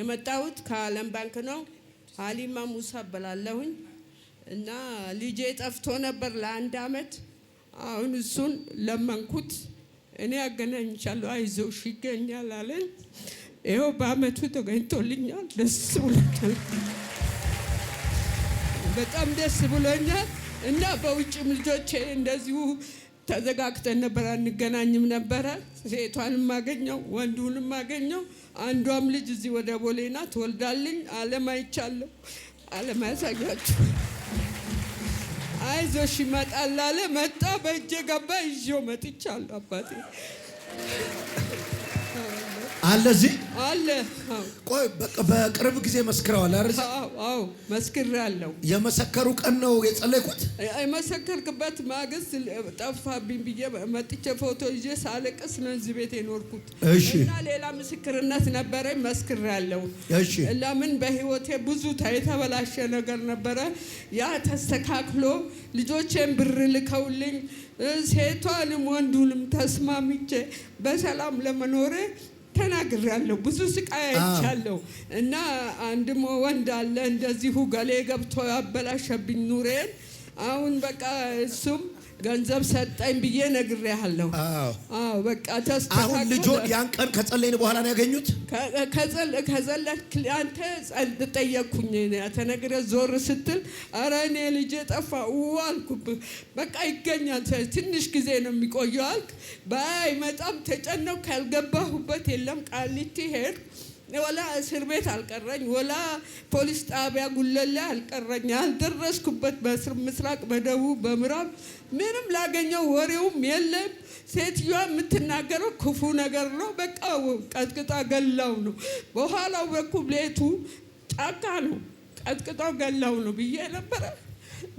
የመጣሁት ከአለም ባንክ ነው። ሀሊማ ሙሳ እበላለሁኝ እና ልጄ ጠፍቶ ነበር ለአንድ አመት። አሁን እሱን ለመንኩት። እኔ አገናኝቻለሁ፣ አይዞሽ ይገኛል አለኝ። ይኸው በአመቱ ተገኝቶልኛል። ደስ ብሎኛል፣ በጣም ደስ ብሎኛል። እና በውጭም ልጆቼ እንደዚሁ ተዘጋግተን ነበር፣ አንገናኝም ነበረ። ሴቷንም ማገኘው ወንዱንም ማገኘው አንዷም ልጅ እዚህ ወደ ቦሌና ትወልዳልኝ። አለም አይቻለሁ፣ አለም አያሳያችሁ። አይዞሽ ይመጣል አለ፣ መጣ። በእጄ ገባ፣ ይዤው መጥቻለሁ አባቴ አለ እዚህ አለ። ቆይ በቅርብ ጊዜ መስክረዋል አይደል? አዎ መስክሬያለሁ። የመሰከሩ ቀን ነው የጸለይኩት። የመሰከርክበት ማግስት ጠፋብኝ ብዬ መጥቼ ፎቶ ይዤ ሳለቅስ ነው እዚህ ቤት የኖርኩት። እሺ። እና ሌላ ምስክርነት ነበረኝ መስክሬያለሁ። እሺ። ለምን በህይወቴ ብዙ የተበላሸ ነገር ነበረ። ያ ተስተካክሎ ልጆቼን ብር ልከውልኝ ሴቷንም ወንዱንም ተስማምቼ በሰላም ለመኖሬ ተናግሬያለሁ። ብዙ ስቃይ አይቻለሁ። እና አንድም ወንድ አለ እንደዚሁ ገሌ ገብቶ ያበላሸብኝ ኑሬን። አሁን በቃ እሱም ገንዘብ ሰጠኝ ብዬ ነግሬሃለሁ። በቃ አሁን ልጆ ያን ቀን ከጸለይን በኋላ ነው ያገኙት። ከዘለክ አንተ ጠየቅኩኝ ተነግረ ዞር ስትል ኧረ እኔ ልጄ ጠፋ አልኩብህ። በቃ ይገኛል ትንሽ ጊዜ ነው የሚቆየው አልክ። በይ መጣም ተጨነው ካልገባሁበት የለም ቃሊቲ ሄድ ወላ እስር ቤት አልቀረኝ፣ ወላ ፖሊስ ጣቢያ ጉለላ አልቀረኝ። አልደረስኩበት በስር ምስራቅ በደቡብ በምዕራብ ምንም ላገኘው ወሬውም የለም። ሴትዮዋ የምትናገረው ክፉ ነገር ነው። በቃ ቀጥቅጣ ገላው ነው። በኋላው በኩል ቤቱ ጫካ ነው። ቀጥቅጣው ገላው ነው ብዬ ነበረ።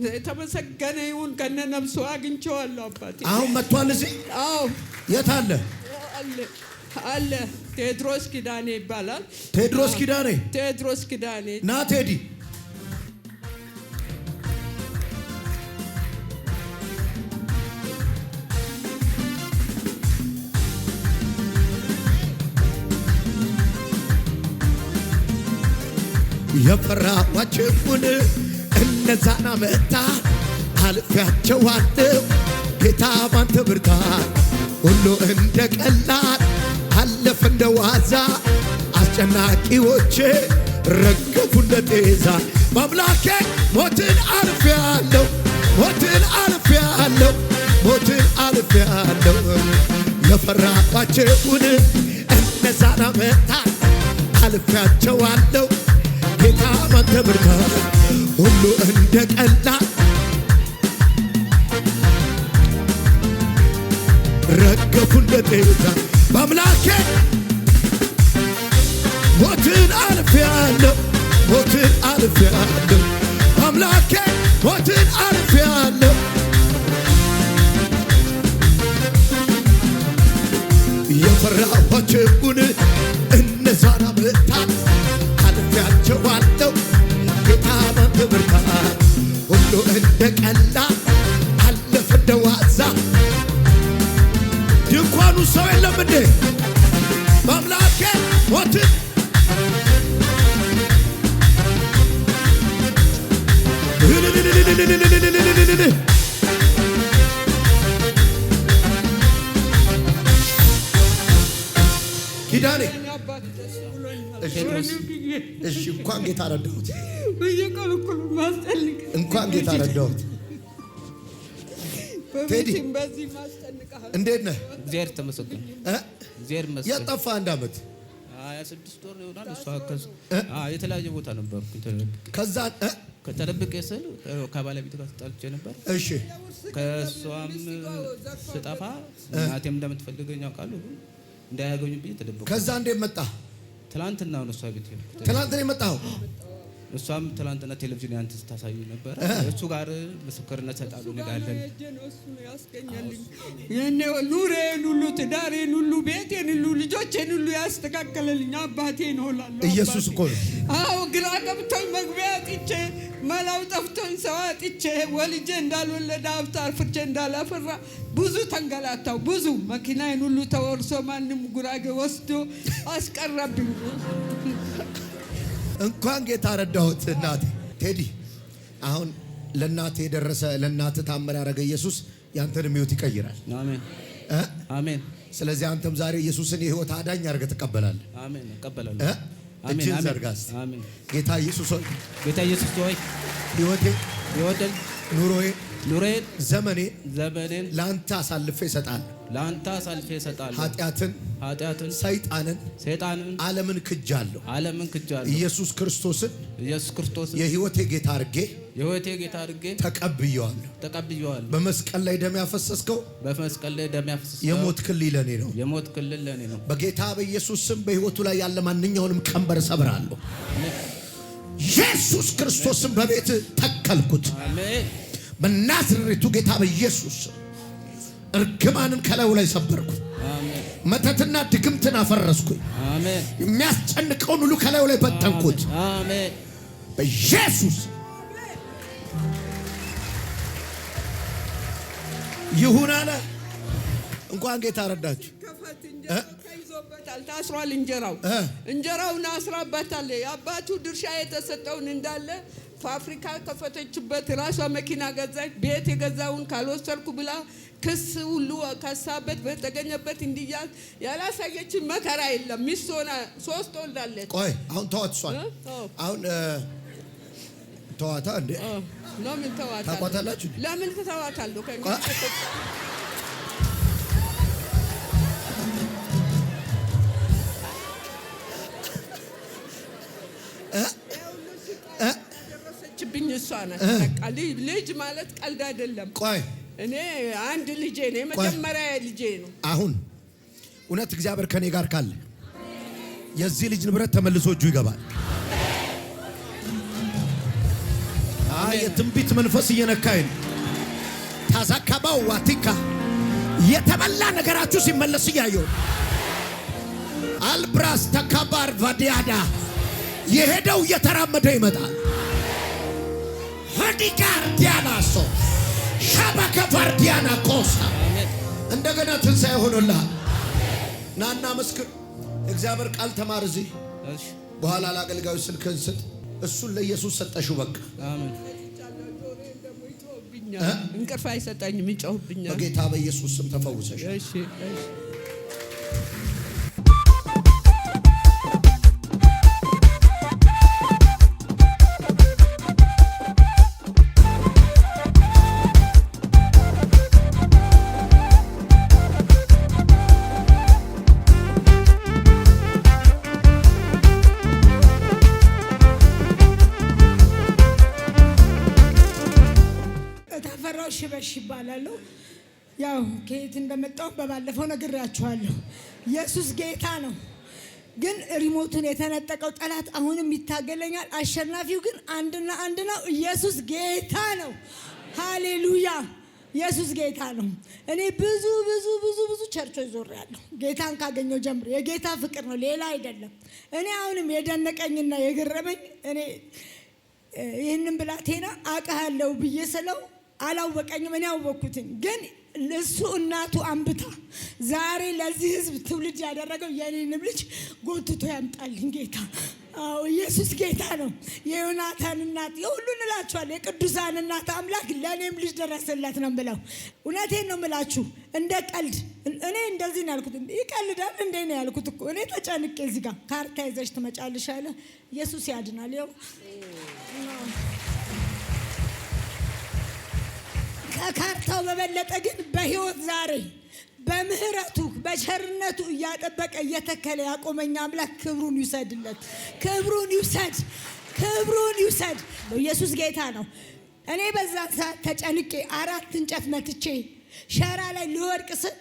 የተመሰገነ ይሁን ከነ ነፍሱ አግኝቼዋለሁ። አባቴ አሁን መጥቷል። እዚህ አዎ፣ የት አለ? አለ ቴድሮስ ኪዳኔ ይባላል። ቴድሮስ ኪዳኔ ቴድሮስ ኪዳኔ ና ቴዲ የፈራኋቸውን እነዛን አመጣ አልፌያቸዋለሁ ጌታ ባንተ ብርታ ሁሉ እንደ ቀላል ከፍ እንደ ዋዛ አስጨናቂዎቼ ረገፉ እንደ ጤዛ በአምላኬ ሞትን አልፍ አልፌአለሁ ሞትን አልፍ አልፌአለሁ ሞትን አልፍ አልፌአለሁ የፈራባቸውን እነዛን አመጣል አልፌያቸዋለሁ ጌታ ባንተ ብርታት ሁሉ እንደ ቀላ ረገፉ እንደ ጤዛ በአምላኬ ሞትን አልፌአለሁ፣ ሞትን አልፌአለሁ፣ በአምላኬ ሞትን አልፌአለሁ። የፈራኋቸውን እነዛን ዓመታት አልፌያቸዋለሁ። ጌታ በአንተ ብርታት ሁሉ እንደቀላ ቅዱስ ሰው የለም እንዴ? በአምላኬ ሞት ኪዳኔ እንኳን ጌታ ረዳሁት እንኳን ጌታ ረዳሁት ቴዲ እንዴት ነህ? እግዚአብሔር ተመስገን። እግዚአብሔር ይመስገን። አንድ ዓመት ስድስት ወር ይሆናል። የተለያየ ቦታ ነበርኩ። ከዛ ከተደብቄ ስል ከባለቤት ጋር ተጣልቼ ነበር። እሺ ከእሷም ስጠፋ እናቴም እንደምትፈልገኝ ያውቃሉ፣ እንዳያገኙ ብዬ ተደብቄ። ከዛ እንዴት መጣህ? ትናንትና ነው እሷ ቤት። ትናንት የመጣኸው? እሷም ትላንትና ቴሌቪዥን ያንተ ስታሳዩ ነበረ። እሱ ጋር ምስክርነት ሰጣሉ እንላለን። ያስገኛልኝ ኑሬን ሁሉ ትዳሬን ሁሉ ቤቴን ሁሉ ልጆቼን ሁሉ ያስተካከለልኝ አባቴ ነው እላለሁ። ኢየሱስ እኮ ነው። አዎ ግራ ገብቶኝ መግቢያ አጥቼ መላው ጠፍቶኝ ሰው አጥቼ ወልጄ እንዳልወለደ ሀብት አፍርቼ እንዳላፈራ ብዙ ተንገላታው። ብዙ መኪናዬን ሁሉ ተወርሶ ማንም ጉራጌ ወስዶ አስቀረብኝ። እንኳን ጌታ ረዳሁት። እናቴ ቴዲ አሁን ለእናት የደረሰ ለእናት ታምር ያደረገ ኢየሱስ ያንተን ሕይወት ይቀይራል። አሜን። ስለዚህ አንተም ዛሬ ኢየሱስን የህይወት አዳኝ አድርገ ትቀበላለህ። እጅን ዘርጋ ጌታ ኢየሱስ ሆይ ጌታ ኢየሱስ ኑሮዬ ኑሬን ዘመኔን ዘመኔን ለአንተ አሳልፌ እሰጣለሁ ለአንተ አሳልፌ እሰጣለሁ። ኃጢአትን ኃጢአትን ሰይጣንን ሰይጣንን ዓለምን ክጃለሁ ዓለምን ክጃለሁ። ኢየሱስ ክርስቶስን ኢየሱስ ክርስቶስን የሕይወቴ ጌታ አድርጌ የሕይወቴ ጌታ አድርጌ ተቀብየዋለሁ ተቀብየዋለሁ። በመስቀል ላይ ደም ያፈሰስከው በመስቀል ላይ ደም ያፈሰስከው የሞት ክልል ለኔ ነው የሞት ክልል ለኔ ነው። በጌታ በኢየሱስ ስም በሕይወቱ ላይ ያለ ማንኛውንም ቀንበር ሰብራለሁ። ኢየሱስ ክርስቶስን በቤት ተከልኩት። አሜን። በናዝሬቱ ጌታ በኢየሱስ እርግማንን ከላዩ ላይ ሰበርኩ። መተትና ድግምትን አፈረስኩኝ። የሚያስጨንቀውን ሁሉ ከላዩ ላይ በጠንኩት በኢየሱስ ይሁን አለ። እንኳን ጌታ ረዳችሁ። ይዞበታል ታስሯል። እንጀራው እንጀራውን አስራበታል። የአባቱ ድርሻ የተሰጠውን እንዳለ ፋብሪካ ከፈተችበት፣ ራሷ መኪና ገዛች። ቤት የገዛውን ካልወሰድኩ ብላ ክስ ሁሉ ከሳበት በተገኘበት እንዲያዝ ያላሳየችን መከራ የለም። ሚስት ሆና ሶስት ወልዳለች። ቆይ አሁን ተዋት፣ እሷን አሁን ተዋታ እንዴ? ለምን ተዋታለሁ? ለምን ተዋታለሁ? ናት። ልጅ ማለት ቀልድ አይደለም። ቆይ እኔ አንድ ልጄ ነው፣ የመጀመሪያ ልጄ ነው። አሁን እውነት እግዚአብሔር ከኔ ጋር ካለ የዚህ ልጅ ንብረት ተመልሶ እጁ ይገባል። የትንቢት መንፈስ እየነካኝ ነው። ታዛካባው ዋቲካ የተበላ ነገራችሁ ሲመለስ እያየው አልብራስ ተካባር ቫዲያዳ የሄደው እየተራመደ ይመጣል። ዲካርዲያናሶ ሻባከፋርዲያና ኮሳ እንደገና ትንሣኤ ሆኖልሃል። ናና መስክር። እግዚአብሔር ቃል ተማር። እዚህ በኋላ ለአገልጋዩ ስልክህን ስጥ። እሱን ለኢየሱስ ሰጠሽው። በቃ እንቅልፍ አይሰጠኝም፣ ይጮህብኛል። በጌታ በኢየሱስ ስም ተፈውሰሽ በባለፈው ነግሬያችኋለሁ። ኢየሱስ ጌታ ነው። ግን ሪሞቱን የተነጠቀው ጠላት አሁንም ይታገለኛል። አሸናፊው ግን አንድና አንድ ነው። ኢየሱስ ጌታ ነው። ሃሌሉያ! ኢየሱስ ጌታ ነው። እኔ ብዙ ብዙ ብዙ ብዙ ቸርቾች ዞሬያለሁ። ጌታን ካገኘው ጀምሮ የጌታ ፍቅር ነው፣ ሌላ አይደለም። እኔ አሁንም የደነቀኝና የገረመኝ እኔ ይህንን ብላቴና አውቅሃለሁ ብዬ ስለው አላወቀኝም። እኔ አወቅኩትኝ ግን እሱ እናቱ አንብታ ዛሬ ለዚህ ህዝብ ትውልድ ያደረገው የኔንም ልጅ ጎትቶ ያምጣልኝ ጌታ። አዎ ኢየሱስ ጌታ ነው። የዮናታን እናት የሁሉ እንላችኋል፣ የቅዱሳን እናት አምላክ ለእኔም ልጅ ደረሰለት ነው ብለው እውነቴን ነው ምላችሁ። እንደ ቀልድ እኔ እንደዚህ ነው ያልኩት። ይቀልዳል እንዴ ነው ያልኩት እኮ እኔ ተጨንቄ። እዚህ ጋር ካርታ ይዘሽ ትመጫለሽ ኢየሱስ ያድናል። ይኸው ከካርታው በበለጠ ግን በህይወት ዛሬ በምህረቱ በቸርነቱ እያጠበቀ እየተከለ ያቆመኝ አምላክ ክብሩን ይውሰድለት። ክብሩን ይውሰድ። ክብሩን ይውሰድ። ኢየሱስ ጌታ ነው። እኔ በዛ ሰዓት ተጨንቄ አራት እንጨት መትቼ ሸራ ላይ ልወድቅ ስል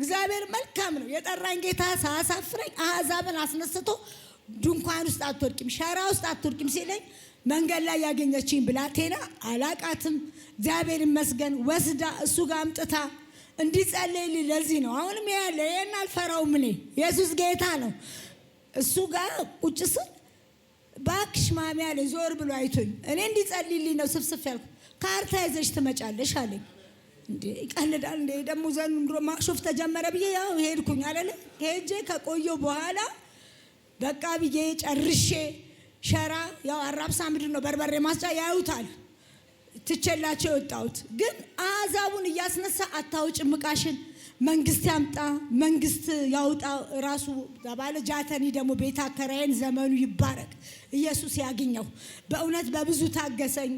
እግዚአብሔር መልካም ነው። የጠራኝ ጌታ ሳያሳፍረኝ አሕዛብን አስነስቶ ድንኳን ውስጥ አትወድቅም፣ ሸራ ውስጥ አትወድቅም ሲለኝ መንገድ ላይ ያገኘችኝ ብላቴና አላቃትም እግዚአብሔር ይመስገን ወስዳ እሱ ጋር አምጥታ እንዲጸልይልኝ ለዚህ ነው። አሁንም ያለ ይህን አልፈራውም እኔ ኢየሱስ ጌታ ነው። እሱ ጋር ቁጭ ስል እባክሽ ማሚ አለኝ። ዞር ብሎ አይቶኝ እኔ እንዲጸልይልኝ ነው ስብስፍ ያልኩ። ካርታ ይዘሽ ትመጫለሽ አለኝ። እንዴ ይቀልዳል እንዴ ደግሞ ዘንድሮ ማክሾፍ ተጀመረ ብዬ ያው ሄድኩኝ አለለ ሄጄ ከቆየሁ በኋላ በቃ ብዬ ጨርሼ ሸራ ያው አራብሳ ምንድን ነው በርበሬ ማስጫ ያዩታል ትቼላቸው የወጣሁት ግን አሕዛቡን እያስነሳ አታውጭ ምቃሽን መንግስት ያምጣ መንግስት ያውጣ ራሱ ባለ ጃተኒ ደግሞ ቤት አከራይን ዘመኑ ይባረቅ ኢየሱስ ያግኘው። በእውነት በብዙ ታገሰኝ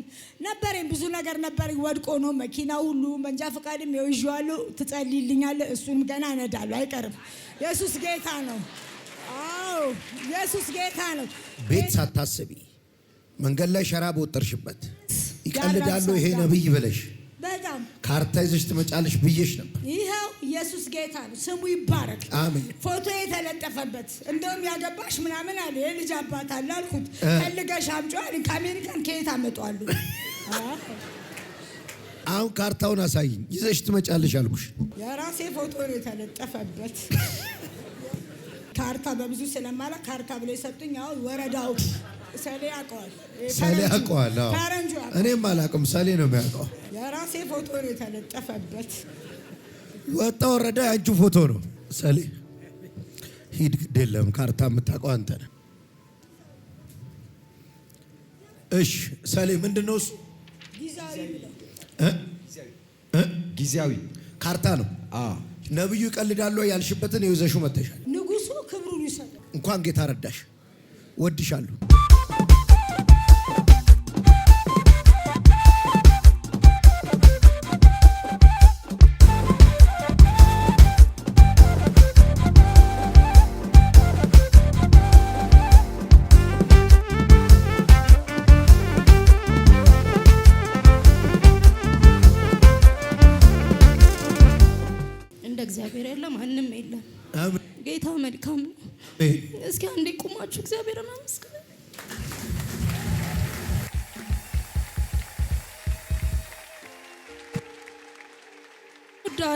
ነበረኝ። ብዙ ነገር ነበር። ወድቆ ነው መኪና ሁሉ መንጃ ፈቃድም የውዋለሁ። ትጸልይልኛለህ። እሱንም ገና እነዳለሁ፣ አይቀርም። ኢየሱስ ጌታ ነው። አዎ ኢየሱስ ጌታ ነው። ቤት ሳታስቢ መንገድ ላይ ሸራ በወጠርሽበት ይቀልዳሉ ይሄ ነብይ ብለሽ በጣም ካርታ ይዘሽ ትመጫለሽ ብዬሽ ነበር። ይኸው ኢየሱስ ጌታ ነው፣ ስሙ ይባረክ። አሜን። ፎቶ የተለጠፈበት እንደውም ያገባሽ ምናምን አለ። የልጅ አባት አለ አልኩት። ፈልገሽ አምጪ አለኝ። ከአሜሪካን ከየት አመጣዋሉ? አሁን ካርታውን አሳይኝ። ይዘሽ ትመጫለሽ አልኩሽ። የራሴ ፎቶ ነው የተለጠፈበት። ካርታ በብዙ ስለማላ ካርታ ብሎ የሰጡኝ አሁን ወረዳው ሰሌ ያውቀዋል። ሰሌ እኔም አላውቅም፣ ሰሌ ነው የሚያውቀው። የራሴ ፎቶ ነው የተለጠፈበት። ወጣ ወረዳ ያጁ ፎቶ ነው። ሰሌ ሂድ፣ ግድ የለም ካርታ የምታውቀው አንተ ነህ። እሺ፣ ሰሌ ምንድን ነው እሱ? ጊዜያዊ ካርታ ነው። ነብዩ ይቀልዳሉ ያልሽበትን የይዘሹ መተሻል። ንጉሱ ክብሩን ይሰ እንኳን ጌታ ረዳሽ። ወድሻለሁ።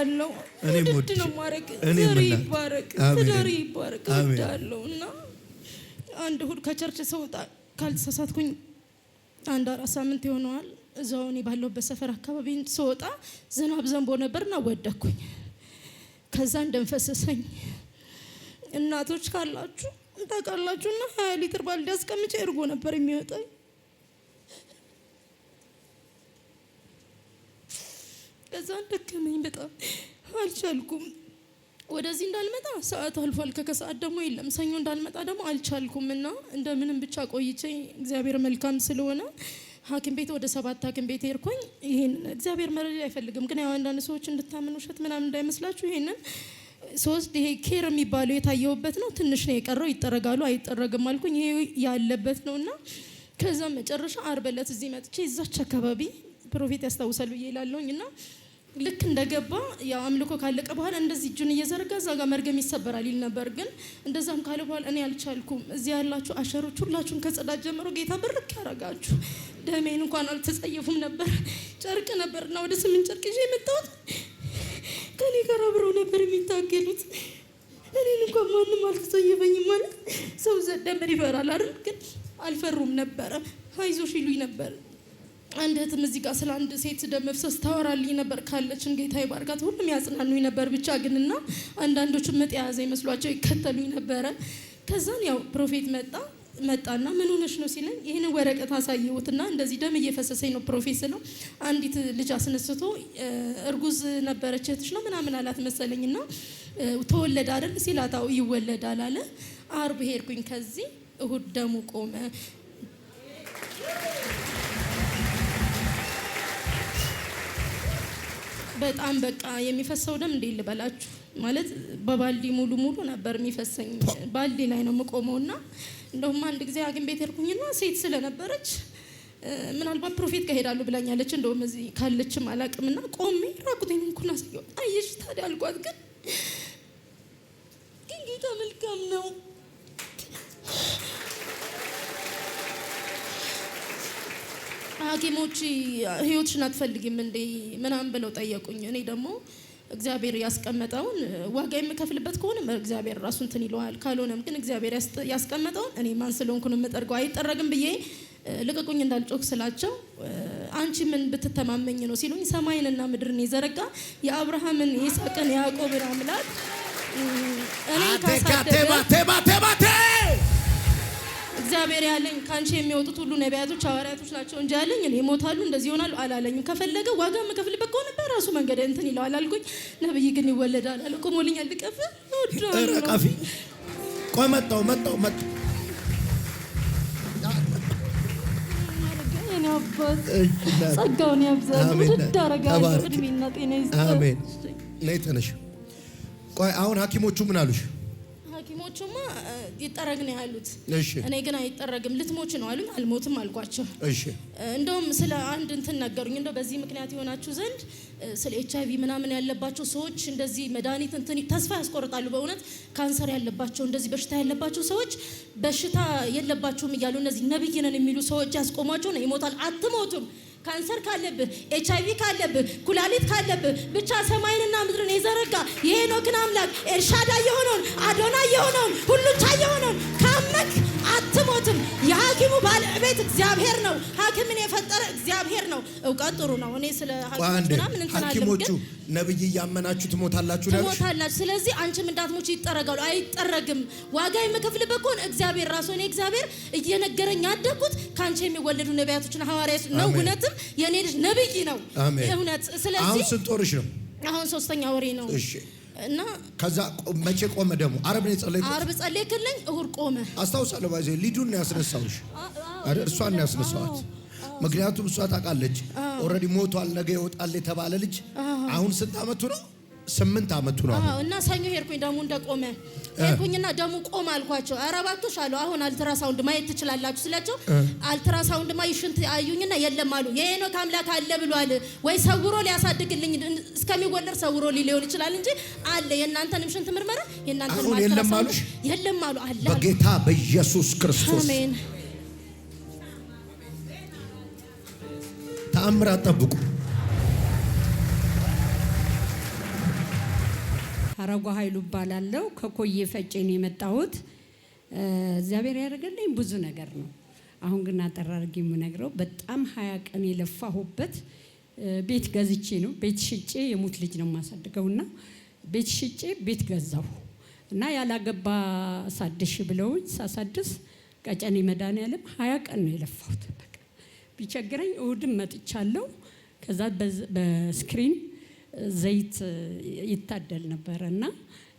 እወዳለሁ። ውድድ ነው ማድረግ ዘር ይባረክ፣ ትዳር ይባረክ። እወዳለሁ እና አንድ እሑድ ከቸርች ስወጣ ካልተሳሳትኩኝ አንድ አራት ሳምንት ይሆነዋል። እዛው እኔ ባለሁበት ሰፈር አካባቢ ስወጣ ዝናብ ዘንቦ ነበርና ወደኩኝ። ከዛ እንደንፈሰሰኝ እናቶች ካላችሁ ሀያ ሊትር ባልዲ አስቀምጬ እርጎ ነበር የሚወጣኝ ከዛን ደከመኝ፣ በጣም አልቻልኩም። ወደዚህ እንዳልመጣ ሰዓት አልፏል። ከከሰዓት ደግሞ የለም። ሰኞ እንዳልመጣ ደግሞ አልቻልኩም እና እንደምንም ብቻ ቆይቼ እግዚአብሔር መልካም ስለሆነ ሐኪም ቤት ወደ ሰባት ሐኪም ቤት ሄድኩኝ። ይህን እግዚአብሔር መረጃ አይፈልግም፣ ግን ያው አንዳንድ ሰዎች እንድታምኑ ውሸት ምናምን እንዳይመስላችሁ ይሄንን ሶስት ይሄ ኬር የሚባለው የታየውበት ነው። ትንሽ ነው የቀረው፣ ይጠረጋሉ አይጠረግም አልኩኝ። ይሄ ያለበት ነው እና ከዛ መጨረሻ አርብ ዕለት እዚህ መጥቼ እዛች አካባቢ ፕሮፌት ያስታውሳል ብዬ ላለውኝ እና ልክ እንደገባ ያው አምልኮ ካለቀ በኋላ እንደዚህ እጁን እየዘረጋ እዛ ጋር መርገም ይሰበራል ይል ነበር። ግን እንደዛም ካለ በኋላ እኔ አልቻልኩም። እዚህ ያላችሁ አሸሮች ሁላችሁም ከጽዳት ጀምሮ ጌታ ብርክ ያረጋችሁ። ደሜን እንኳን አልተጸየፉም ነበር። ጨርቅ ነበር ነበርና ወደ ስምንት ጨርቅ ይዤ የመጣሁት ከኔ ጋር አብረው ነበር የሚታገሉት። እኔን እንኳን ማንም አልተጸየፈኝም። ማለት ሰው ዘደመን ይፈራል አይደል? ግን አልፈሩም ነበረ። ሀይዞሽ ይሉኝ ነበር አንድ እህትም እዚህ ጋር ስለ አንድ ሴት ደም መፍሰስ ታወራልኝ ነበር ካለችን ጌታ ይባርካት። ሁሉም ያጽናኑኝ ነበር ብቻ ግን ግንና አንዳንዶቹ ምጥ የያዘ ይመስሏቸው ይከተሉኝ ነበረ። ከዛን ያው ፕሮፌት መጣ መጣና ምን ሆነሽ ነው ሲለኝ ይህንን ወረቀት አሳየሁትና እንደዚህ ደም እየፈሰሰኝ ነው ፕሮፌስ ነው አንዲት ልጅ አስነስቶ እርጉዝ ነበረች እህትሽ ነው ምናምን አላት መሰለኝ እና ተወለደ አይደል ሲላታው ይወለዳል አለ አርብ ሄድኩኝ ከዚህ እሁድ ደሙ ቆመ በጣም በቃ የሚፈሰው ደም እንዴ ልበላችሁ ማለት በባልዲ ሙሉ ሙሉ ነበር የሚፈሰኝ። ባልዲ ላይ ነው የምቆመው እና እንደውም አንድ ጊዜ ሐኪም ቤት ሄድኩኝና ሴት ስለነበረች ምናልባት ፕሮፌት ጋር ሄዳለሁ ብላኛለች። እንደውም እዚህ ካለችም አላቅም እና ቆሜ ራቁቴን እንኳን አሳየኋት። አየሽ ታዲያ አልኳት። ግን ግን ጌታ መልካም ነው ሐኪሞች ህይወትሽን አትፈልጊም እንዴ ምናምን ብለው ጠየቁኝ። እኔ ደግሞ እግዚአብሔር ያስቀመጠውን ዋጋ የምከፍልበት ከሆነ እግዚአብሔር ራሱ እንትን ይለዋል፣ ካልሆነም ግን እግዚአብሔር ያስቀመጠውን እኔ ማን ስለሆንኩ ነው የምጠርገው? አይጠረግም ብዬ ልቀቁኝ እንዳልጮክ ስላቸው አንቺ ምን ብትተማመኝ ነው ሲሉኝ ሰማይንና ምድርን የዘረጋ የአብርሃምን፣ የይስሐቅን፣ የያዕቆብን አምላክ እኔ ካሳደገ እግዚአብሔር ያለኝ ከአንቺ የሚወጡት ሁሉ ነቢያቶች ሐዋርያቶች ናቸው እንጂ ያለኝ እኔ ይሞታሉ እንደዚህ ይሆናሉ አላለኝም። ከፈለገ ዋጋ መከፍልበት ከሆነ በራሱ መንገድ እንትን ይለዋል አልኩኝ። ነብይ ግን ይወለዳል አለ። ቆሞልኛል። ልቀፍ ቀፊ ቆይ መጣው መጣው መጣሁ ጸጋውን ያብዛል። አሜን። ላይ ተነሽ። ቆይ አሁን ሐኪሞቹ ምን አሉሽ? ወንድሞቹማ ይጠረግ ነው ያሉት። እኔ ግን አይጠረግም ልትሞች ነው አሉኝ። አልሞትም አልኳቸው። እንደውም ስለ አንድ እንትን ነገሩኝ። እንደው በዚህ ምክንያት የሆናችሁ ዘንድ ስለ ኤች አይቪ ምናምን ያለባቸው ሰዎች እንደዚህ መድኃኒት እንትን ተስፋ ያስቆርጣሉ። በእውነት ካንሰር ያለባቸው እንደዚህ በሽታ ያለባቸው ሰዎች በሽታ የለባቸውም እያሉ እነዚህ ነብይ ነን የሚሉ ሰዎች ያስቆሟቸው ነው። ይሞታል አትሞቱም ካንሰር ካለብህ፣ ኤች አይቪ ካለብህ፣ ኩላሊት ካለብህ ብቻ ሰማይንና ምድርን የዘረጋ የሄኖክን አምላክ ኤልሻዳ የሆነውን አዶና የሆነውን ሁሉቻ የሆነውን ካመክ የሐኪሙ ባለቤት እግዚአብሔር ነው። ሐኪምን የፈጠረ እግዚአብሔር ነው። እውቀት ጥሩ ነው። እኔ ስለ ሐኪሞቹ ነብይ እያመናችሁ ትሞታላችሁ ትሞታላችሁ። ስለዚህ አንቺም እንዳትሞች ይጠረጋሉ። አይጠረግም። ዋጋ የምከፍልበት ከሆነ እግዚአብሔር ራሱ እኔ እግዚአብሔር እየነገረኝ ያደግኩት ከአንቺ የሚወለዱ ነቢያቶችን ሐዋርያት ነው። እውነትም የእኔ ልጅ ነብይ ነው። እውነት። ስለዚህ አሁን ስንት ወርሽ ነው? አሁን ሶስተኛ ወሬ ነው። እሺ እና ከዛ መቼ ቆመ ደግሞ? አርብ ነው የጸለይኩት። አርብ ጸለይክልኝ፣ እሁድ ቆመ። አስታውሳለሁ። ሊዱን ነው ያስነሳውሽ ነው ያስነሳዋት። ምክንያቱም እሷ ታውቃለች ኦልሬዲ ሞቷል፣ ነገ ይወጣል የተባለ ልጅ አሁን ስንት አመቱ ነው? ስምንት አመቱ ነው እና ሰኞ ሄድኩኝ። ደሙ እንደቆመ ሄድኩኝና ደሙ ቆም አልኳቸው። አረባቶች አሉ አሁን አልትራሳውንድ ማየት ትችላላችሁ ስላቸው አልትራሳውንድ ማ ይሽንት አዩኝና የለም አሉ። የሄኖክ አምላክ አለ ብሏል ወይ ሰውሮ ሊያሳድግልኝ እስከሚወለድ ሰውሮ ሊሆን ይችላል እንጂ አለ። የእናንተንም ሽንት ምርመራ የእናንተንም አልትራሳውንድ የለም አሉ አለ በጌታ በኢየሱስ ክርስቶስ አሜን። ተአምር አረጓ ኃይሉ እባላለሁ። ከኮዬ ፈጬ የመጣሁት። እግዚአብሔር ያደረገልኝ ብዙ ነገር ነው። አሁን ግን አጠር አድርጌ የምነግረው በጣም ሀያ ቀን የለፋሁበት ቤት ገዝቼ ነው። ቤት ሽጬ የሙት ልጅ ነው የማሳድገው እና ቤት ሽጬ ቤት ገዛሁ እና ያላገባ ሳድሽ ብለውኝ ሳሳድስ ቀጨኔ መድኃኒዓለም ሀያ ቀን ነው የለፋሁት። ቢቸግረኝ እሁድም መጥቻለሁ። ከዛ በስክሪን ዘይት ይታደል ነበረ እና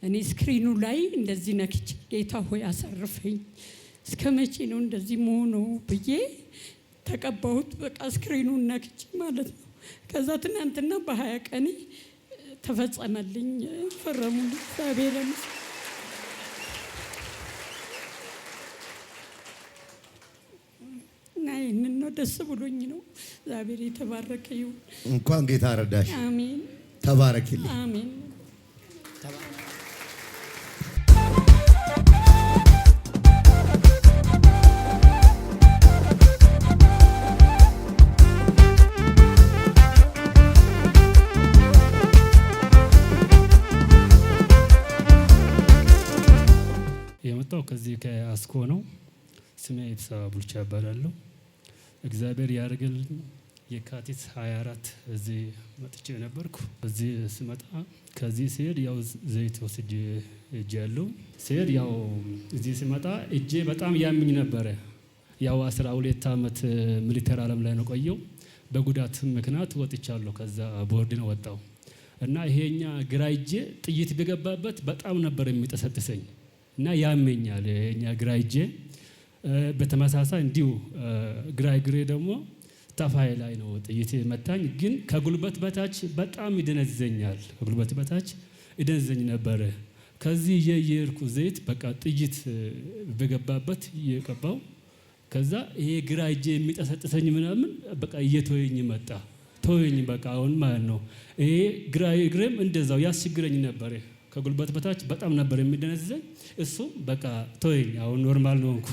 እኔ ስክሪኑ ላይ እንደዚህ ነክች ጌታ ሆይ አሳርፈኝ፣ እስከ መቼ ነው እንደዚህ መሆኑ ብዬ ተቀባሁት። በቃ ስክሪኑን ነክች ማለት ነው። ከዛ ትናንትና በሀያ ቀኔ ተፈጸመልኝ። ፈረሙ እግዚአብሔር እና ይህንን ነው ደስ ብሎኝ ነው። እግዚአብሔር የተባረከ ይሁን። እንኳን ጌታ ረዳሽ። አሜን። ተባረክልኝ። የመጣው ከዚህ ከአስኮ ነው። ስሜ የተሰባ ቡልቻ እባላለሁ። እግዚአብሔር ያደርግልኝ የካቲት 24 እዚህ መጥቼ ነበርኩ። እዚህ ስመጣ ከዚህ ስሄድ ያው ዘይት ወስጅ እጅ ያለው ስሄድ ያው እዚህ ስመጣ እጄ በጣም ያምኝ ነበረ። ያው 12 ዓመት ሚሊተር ዓለም ላይ ነው ቆየው። በጉዳት ምክንያት ወጥቻለሁ። ከዛ ቦርድ ነው ወጣው እና ይሄኛ ግራ እጄ ጥይት ቢገባበት በጣም ነበር የሚጠሰጥሰኝ እና ያመኛል። ይሄኛ ግራ እጄ በተመሳሳይ እንዲሁ ግራ እግሬ ደግሞ ተፋይ ላይ ነው ጥይት መታኝ። ግን ከጉልበት በታች በጣም ይደነዘኛል። ከጉልበት በታች ይደነዘኝ ነበረ። ከዚህ የየርኩ ዘይት በቃ ጥይት በገባበት እየቀባው ከዛ ይሄ ግራ እጄ የሚጠሰጥሰኝ ምናምን በቃ እየተወኝ መጣ። ተወኝ በቃ አሁን ማለት ነው። ይሄ ግራ እግሬም እንደዛው ያስቸግረኝ ነበረ። ከጉልበት በታች በጣም ነበር የሚደነዘኝ። እሱም በቃ ተወኝ አሁን ኖርማል ነው እንኩ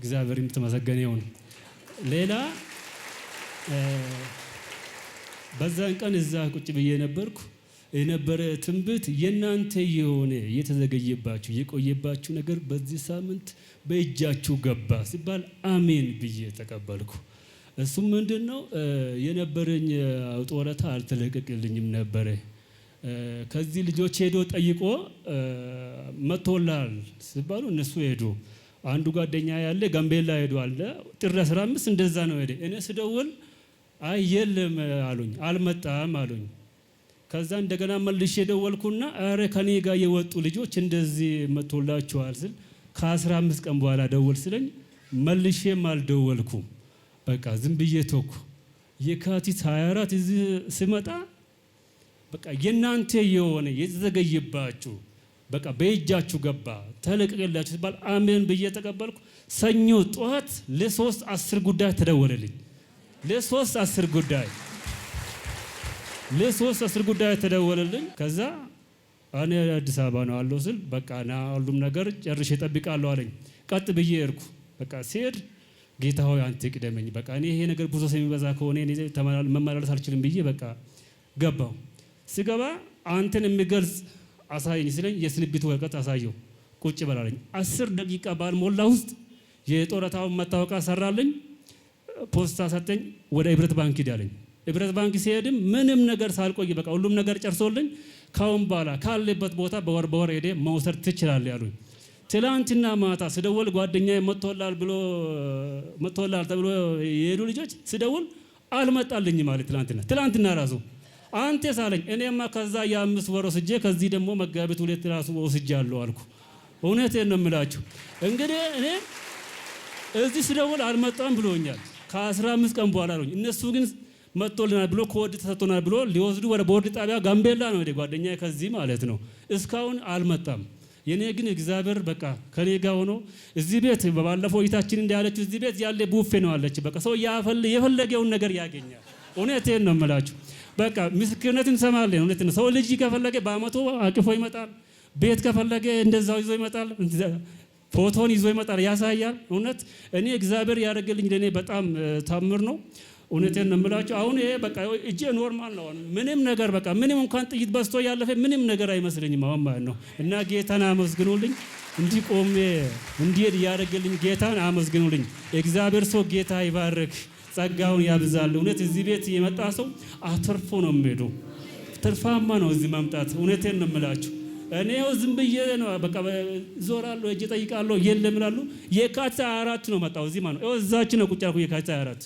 እግዚአብሔር የምትመሰገን ይሁን። ሌላ በዛን ቀን እዛ ቁጭ ብዬ ነበርኩ። የነበረ ትንብት የእናንተ የሆነ የተዘገየባችሁ የቆየባችሁ ነገር በዚህ ሳምንት በእጃችሁ ገባ ሲባል አሜን ብዬ ተቀበልኩ። እሱም ምንድን ነው የነበረኝ አውጦ ወረታ አልተለቀቅልኝም ነበረ። ከዚህ ልጆች ሄዶ ጠይቆ መቶላል ሲባሉ እነሱ ሄዱ። አንዱ ጓደኛ ያለ ጋምቤላ ሄዶ አለ ጥር 15 እንደዛ ነው ሄደ። እኔ ስደውል አይ የለም አሉኝ፣ አልመጣም አሉኝ። ከዛ እንደገና መልሼ ደወልኩና አረ ከኔ ጋር የወጡ ልጆች እንደዚህ መጥቶላችኋል ስል ከአስራ አምስት ቀን በኋላ ደወል ስለኝ መልሼም አልደወልኩም። በቃ ዝም ብዬ ተኩ። የካቲት 24 እዚህ ስመጣ በቃ የእናንተ የሆነ የተዘገየባችሁ በቃ በእጃችሁ ገባ ተለቀቀላችሁ ሲባል አሜን ብዬ ተቀበልኩ። ሰኞ ጠዋት ለሶስት አስር ጉዳይ ተደወለልኝ። ለሶስት አስር ጉዳይ ለሶስት አስር ጉዳይ ተደወለልኝ። ከዛ እኔ አዲስ አበባ ነው አለው ስል በቃ ና ሁሉም ነገር ጨርሼ እጠብቃለሁ አለኝ። ቀጥ ብዬ እርኩ በቃ ሲሄድ ጌታ ሆይ አንተ ቅደመኝ፣ በቃ እኔ ይሄ ነገር ብዙ ሰው የሚበዛ ከሆነ መመላለስ አልችልም ብዬ በቃ ገባሁ። ስገባ አንተን የሚገልጽ አሳየኝ ስለኝ የስንብት ወረቀት አሳየው። ቁጭ በላለኝ አስር ደቂቃ ባልሞላ ውስጥ የጡረታውን መታወቂያ ሰራልኝ። ፖስታ ሰጠኝ። ወደ ህብረት ባንክ ሂድ አለኝ። ህብረት ባንክ ሲሄድም ምንም ነገር ሳልቆይ በቃ ሁሉም ነገር ጨርሶልኝ ካሁን በኋላ ካለበት ቦታ በወር በወር ሄደ መውሰድ ትችላለህ ያሉኝ። ትላንትና ማታ ስደውል ጓደኛ መጥቶላል ብሎ መጥቶላል ተብሎ የሄዱ ልጆች ስደውል አልመጣልኝ ማለት ትላንትና ትላንትና ራሱ አንተ ሳለኝ እኔማ ከዛ የአምስት ወር ወስጄ ከዚህ ደግሞ መጋቢት ሁለት ራሱ ወስጃለሁ አልኩ። እውነቴን ነው የምላችሁ። እንግዲህ እኔ እዚህ ስደውል አልመጣም ብሎኛል። ከአስራ አምስት ቀን በኋላ ነው። እነሱ ግን መጥቶልናል ብሎ ከወድ ተሰጥቶናል ብሎ ሊወስዱ ወደ ቦርድ ጣቢያ ጋምቤላ ነው ጓደኛ ከዚህ ማለት ነው። እስካሁን አልመጣም። የኔ ግን እግዚአብሔር በቃ ከኔ ጋር ሆኖ እዚህ ቤት በባለፈው ይታችን እንዳለችው እዚህ ቤት ያለ ቡፌ ነው አለች። በቃ ሰው የፈለገውን ነገር ያገኛል። እውነቴን ነው የምላችሁ። በቃ ምስክርነት እንሰማለን። እውነት ነው። ሰው ልጅ ከፈለገ በአመቶ አቅፎ ይመጣል። ቤት ከፈለገ እንደዛው ይዞ ይመጣል። ፎቶን ይዞ ይመጣል፣ ያሳያል። እውነት እኔ እግዚአብሔር ያደረገልኝ ለእኔ በጣም ታምር ነው። እውነቴን ነው የምላቸው። አሁን ይሄ በቃ እጄ ኖርማል ነው። ምንም ነገር በቃ ምንም እንኳን ጥይት በስቶ ያለፈ ምንም ነገር አይመስለኝም አሁን ማለት ነው። እና ጌታን አመስግኑልኝ። እንዲህ ቆሜ እንዲሄድ እያደረገልኝ ጌታን አመስግኑልኝ። እግዚአብሔር ሰው ጌታ ይባርክ፣ ጸጋውን ያብዛል። እውነት እዚህ ቤት የመጣ ሰው አትርፎ ነው የሚሄዱ። ትርፋማ ነው እዚህ መምጣት። እውነቴን ነው የምላቸው። እኔው ዝም ብዬ ነው በቃ ዞራለሁ፣ እጅ ጠይቃለሁ፣ የለም ይላሉ። የካቲት 24 ነው መጣው እዚህ ማለት ነው። እዛች ነው ቁጭ ያልኩ የካቲት አራት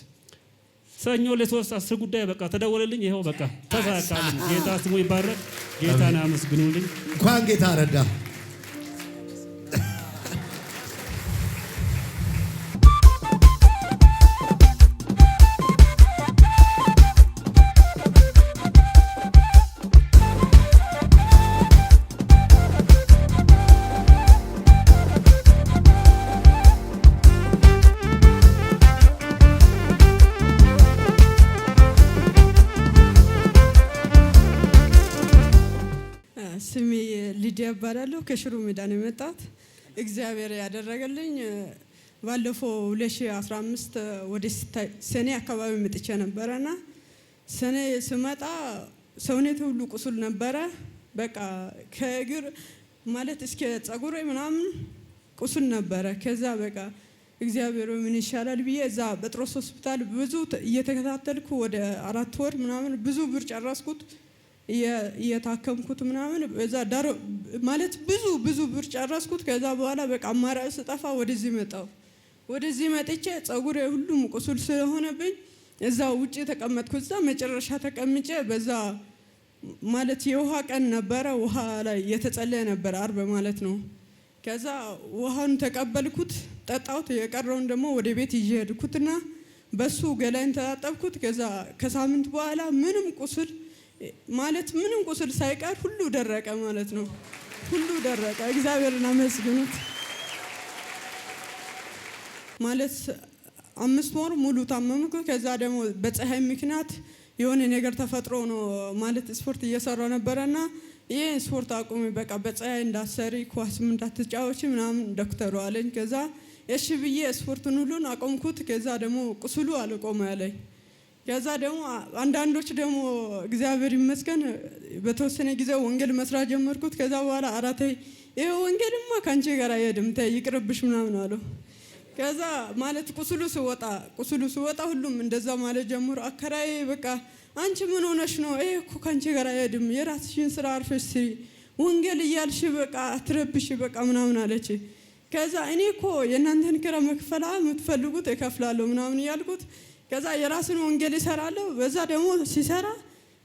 ሰኞ ለሶስት አስር ጉዳይ በቃ ተደወለልኝ። ይኸው በቃ ተሳካልኝ። ጌታ ስሙ ይባረክ። ጌታን አመስግኑልኝ። እንኳን ጌታ ረዳ እባላለሁ። ከሽሩ ሜዳ ነው የመጣት እግዚአብሔር ያደረገልኝ ባለፈው 2015 ወደ ሰኔ አካባቢ መጥቼ ነበረና ሰኔ ስመጣ ሰውነቴ ሁሉ ቁስል ነበረ። በቃ ከእግር ማለት እስከ ጸጉር ምናምን ቁስል ነበረ። ከዛ በቃ እግዚአብሔር ምን ይሻላል ብዬ እዛ በጥሮስ ሆስፒታል ብዙ እየተከታተልኩ ወደ አራት ወር ምናምን ብዙ ብር ጨረስኩት። እየታከምኩት ምናምን እዛ ዳሮ ማለት ብዙ ብዙ ብር ጨረስኩት። ከዛ በኋላ በቃ አማራጭ ስጠፋ ወደዚህ መጣው። ወደዚህ መጥቼ ጸጉር ሁሉም ቁስል ስለሆነብኝ እዛ ውጭ ተቀመጥኩ። እዛ መጨረሻ ተቀምጬ በዛ ማለት የውሃ ቀን ነበረ። ውሃ ላይ የተጸለየ ነበረ፣ አርብ ማለት ነው። ከዛ ውሃን ተቀበልኩት፣ ጠጣሁት። የቀረውን ደግሞ ወደ ቤት ይዤ ሄድኩትና በሱ ገላይን ተጣጠብኩት። ከዛ ከሳምንት በኋላ ምንም ቁስል ማለት ምንም ቁስል ሳይቀር ሁሉ ደረቀ ማለት ነው። ሁሉ ደረቀ። እግዚአብሔርን አመስግኑት። ማለት አምስት ወር ሙሉ ታመምኩ። ከዛ ደግሞ በፀሐይ ምክንያት የሆነ ነገር ተፈጥሮ ነው ማለት ስፖርት ነበረ ነበረና ይህ ስፖርት አቁሚ፣ በቃ በፀሐይ እንዳሰሪ ኳስም እንዳትጫወች ምናምን ዶክተሩ አለኝ። ከዛ እሺ ብዬ ስፖርትን ሁሉን አቆምኩት። ከዛ ደግሞ ቁስሉ አልቆመ ያለኝ ከዛ ደግሞ አንዳንዶች ደግሞ እግዚአብሔር ይመስገን በተወሰነ ጊዜ ወንጌል መስራት ጀመርኩት። ከዛ በኋላ አራተ ይሄ ወንጌልማ ከአንቺ ጋር አይሄድም ተይ ይቅርብሽ ምናምን አሉ። ከዛ ማለት ቁስሉ ስወጣ ቁስሉ ስወጣ ሁሉም እንደዛ ማለት ጀምሮ አከራዬ በቃ አንቺ ምን ሆነሽ ነው? ይሄ እኮ ከአንቺ ጋር አይሄድም፣ የራስሽን ስራ አርፈሽ ስሪ፣ ወንጌል እያልሽ በቃ አትረብሽ በቃ ምናምን አለች። ከዛ እኔ እኮ የእናንተን ኪራይ መክፈላ የምትፈልጉት እከፍላለሁ ምናምን እያልኩት ከዛ የራስን ወንጌል ይሰራለሁ። በዛ ደግሞ ሲሰራ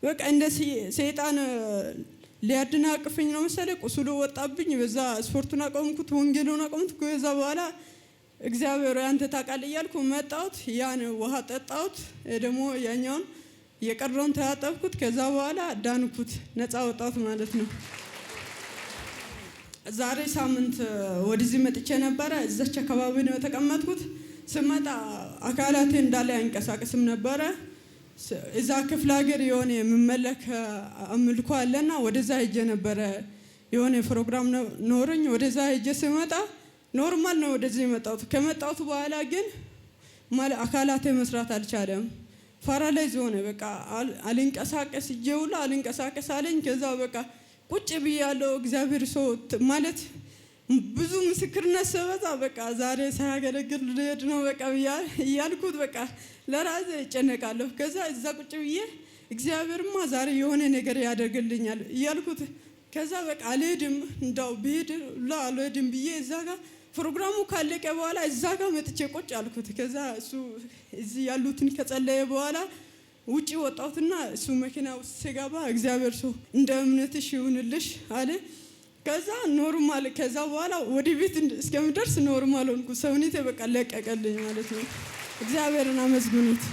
በቃ እንደ ሰይጣን ሊያደናቅፈኝ ነው መሰለ ቁስሉ ወጣብኝ። በዛ ስፖርቱን አቆምኩት፣ ወንጌሉን አቆምኩት። ከዛ በኋላ እግዚአብሔር ያንተ ታውቃለህ እያልኩ መጣሁት። ያን ውሃ ጠጣሁት፣ ደግሞ ያኛውን የቀረውን ተያጠብኩት። ከዛ በኋላ ዳንኩት፣ ነፃ ወጣሁት ማለት ነው። ዛሬ ሳምንት ወደዚህ መጥቼ ነበረ። እዛች አካባቢ ነው የተቀመጥኩት። ስመጣ አካላቴ እንዳለ አይንቀሳቀስም ነበረ። እዛ ክፍለ ሀገር የሆነ የምመለክ አምልኮ አለና ወደዛ ሄጄ ነበረ። የሆነ ፕሮግራም ኖረኝ። ወደዛ ሄጄ ስመጣ ኖርማል ነው ወደዚህ የመጣሁት። ከመጣሁት በኋላ ግን አካላቴ መስራት አልቻለም። ፓራላይዝ ሆነ። በቃ አልንቀሳቀስ እጄ አልንቀሳቀስ አለኝ። ከዛ በቃ ቁጭ ብያለሁ። እግዚአብሔር ሰው ማለት ብዙ ምስክርነት ስበዛ በቃ ዛሬ ሳያገለግል ልሄድ ነው በቃ እያልኩት በቃ ለራሴ ይጨነቃለሁ ከዛ እዛ ቁጭ ብዬ እግዚአብሔርማ ዛሬ የሆነ ነገር ያደርግልኛል እያልኩት ከዛ በቃ አልሄድም እንዳው ብሄድ ላ አልሄድም ብዬ እዛ ጋር ፕሮግራሙ ካለቀ በኋላ እዛ ጋር መጥቼ ቁጭ አልኩት። ከዛ እሱ እዚህ ያሉትን ከጸለየ በኋላ ውጭ ወጣሁትና እሱ መኪና ውስጥ ስገባ እግዚአብሔር ሰው እንደ እምነትሽ ይሁንልሽ አለ። ከዛ ኖርማል ከዛ በኋላ ወደ ቤት እስከምደርስ ኖርማል ሆንኩ። ሰውነቴ በቃ ለቀቀልኝ ማለት ነው። እግዚአብሔርን አመስግኑት።